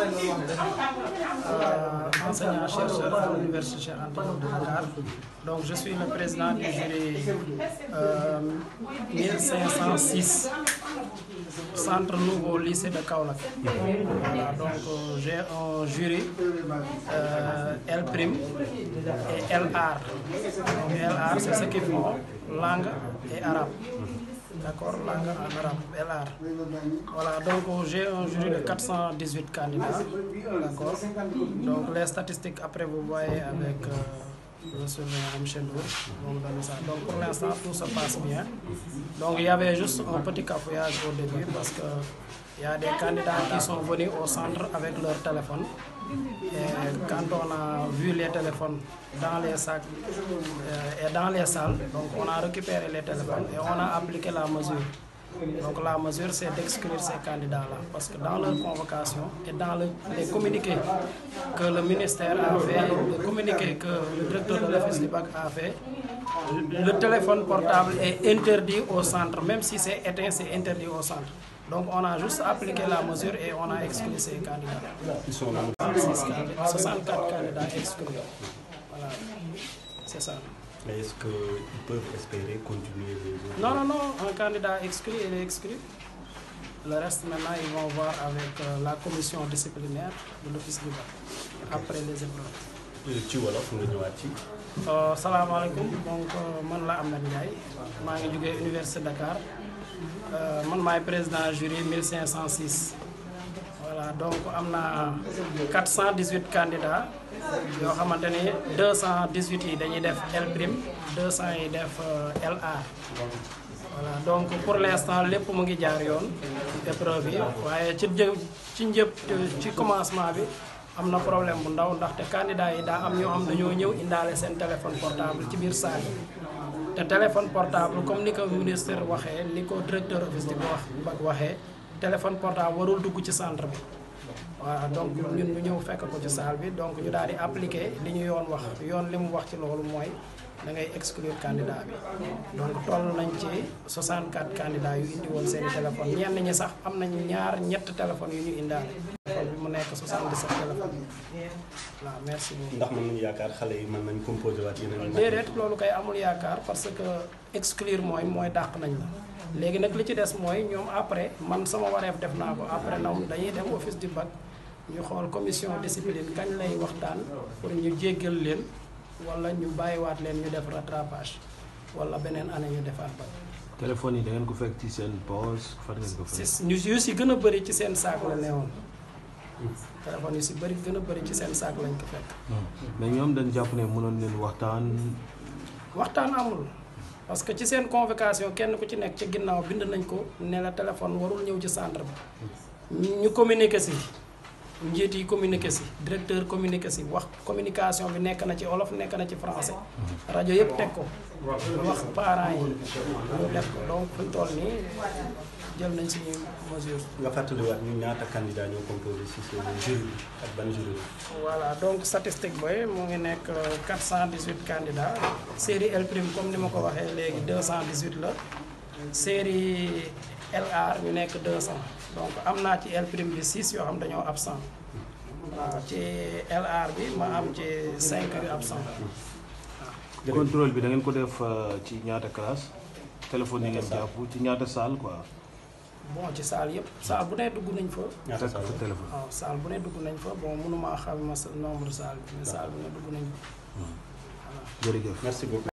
Euh, de Donc, je suis le président du jury 1506 euh, Centre Nouveau Lycée de Kaolak. donc, euh, j'ai un jury L' et LR. Donc, c'est ce qui font langue et arabe. D'accord, langue en Voilà, donc j'ai un jury de 418 candidats. D'accord. Donc les statistiques, après, vous voyez avec euh, M. M. Ben, donc pour l'instant, tout se passe bien. Donc il y avait juste un petit cafouillage au début parce que il y a des candidats qui sont venus au centre avec leur téléphone. Et quand on a vu les téléphones dans les sacs euh, et dans les salles. Donc on a récupéré les téléphones et on a appliqué la mesure. Donc la mesure, c'est d'exclure ces candidats-là, parce que dans leur convocation et dans les communiqués que le ministère a fait, le communiqué que le directeur de l'Office du BAC a fait, le téléphone portable est interdit au centre, même si c'est éteint, c'est interdit au centre. Donc on a juste appliqué la mesure et on a exclu ces candidats. là. 64 candidats exclus. Voilà, c'est ça. Mais est-ce qu'ils peuvent espérer continuer les autres Non, non, non. Un candidat exclu, il est exclu. Le reste, maintenant, ils vont voir avec euh, la commission disciplinaire de l'Office du bac, après les épreuves. Euh, tu vois là, pour le Salam alaikum. donc je euh, la Amna Ndiaye Je à l'Université de Dakar je suis président jury 1506. voilà donc am na 418 candidats yoo xamante 218 yi dañuy def L prime 200 yi def euh, LA voilà donc pour l'instant instant lépp mu ngi jaar yoon épreuve yi waaye ci jë ci njëpp ci commencement bi am na problème bu ndaw ndaxte candidat yi daa am ñoo xam dañoo ñëw indaale seen téléphone portable ci biir saal te téléphone portable comme ni ko ministre waxee ni ko directeur office di ko wax waxee téléphone portable warul dugg ci centre bi waaw donc ñun ñu ñëw fekk ko ci salle bi donc ñu daal di appliquer li ñu yoon wax yoon li mu wax ci loolu mooy da ngay exclure candidat bi donc toll nañ ci 64 candidat yu indi woon seen téléphone ñenn ñi sax am nañ ñaar ñett téléphone yu ñu indaal téléphone bi mu nekk 77 téléphone waaw merci beaucoup ndax mën nañu yaakaar xale yi mën nañ composé waat yeneen déedéet loolu kay amul yaakaar parce que exclure mooy mooy dàq nañ la léegi nak li ci dess moy ñom après man sama waref def na ko après ñoom dañuy dem office du bac ñu xol commission discipline kañ lay waxtaan pour ñu jéggel leen wala ñu bayyi waat leen ñu def rattrapage wala benen ane ñu defaat bac. téléphone yi da ngeen ko fekk ci seen poche fa ngeen ko fekk. ñu yu si gëna a bëri ci seen sac la néwon téléphone yu ci bëri gëna a bëri ci seen sac lañ ko fekk. Hmm. mais ñom dañ japp né mënon leen waxtaan. waxtaan amul. parce que ci seen convocation kenn ku ci nekk ci ginnaaw bind nañ ko ne la téléphone warul ñëw ci centre bi ñu communiqué si njiit yi communiqué si directeur wax communication bi nekk na ci olof nekk na ci français rajo yëpp teg ko wax parents yi ñu def ko donc fuñ toll nii jël nañ suñuy mesures. nga fàttaliwaat ñu ñaata candidat ñoo composé si seen jury bi ak ban jury voilà donc statistique booy mu ngi nekk 418 euh, candidats série L prime comme ni ma ko waxee léegi cent 218 la série LR ñu nekk deux 200 donc am naa ci L prime bi 6 yoo xam dañoo absent waaw ci LR bi ma am ci 5 absent. contrôle bi da ngeen ko def euh, ci ñaata classe téléphone yi ngeen jàpp ci ñaata salle quoi. bon ci saal yëpp saal bu ne dugg nañ fa. ñaata saal waaw saal bu ne dugg nañ fa bon mënuma xam ma nombre saal bi mais saal bu ne dugg nañ fa. Hmm. jërëjëf merci beaucoup.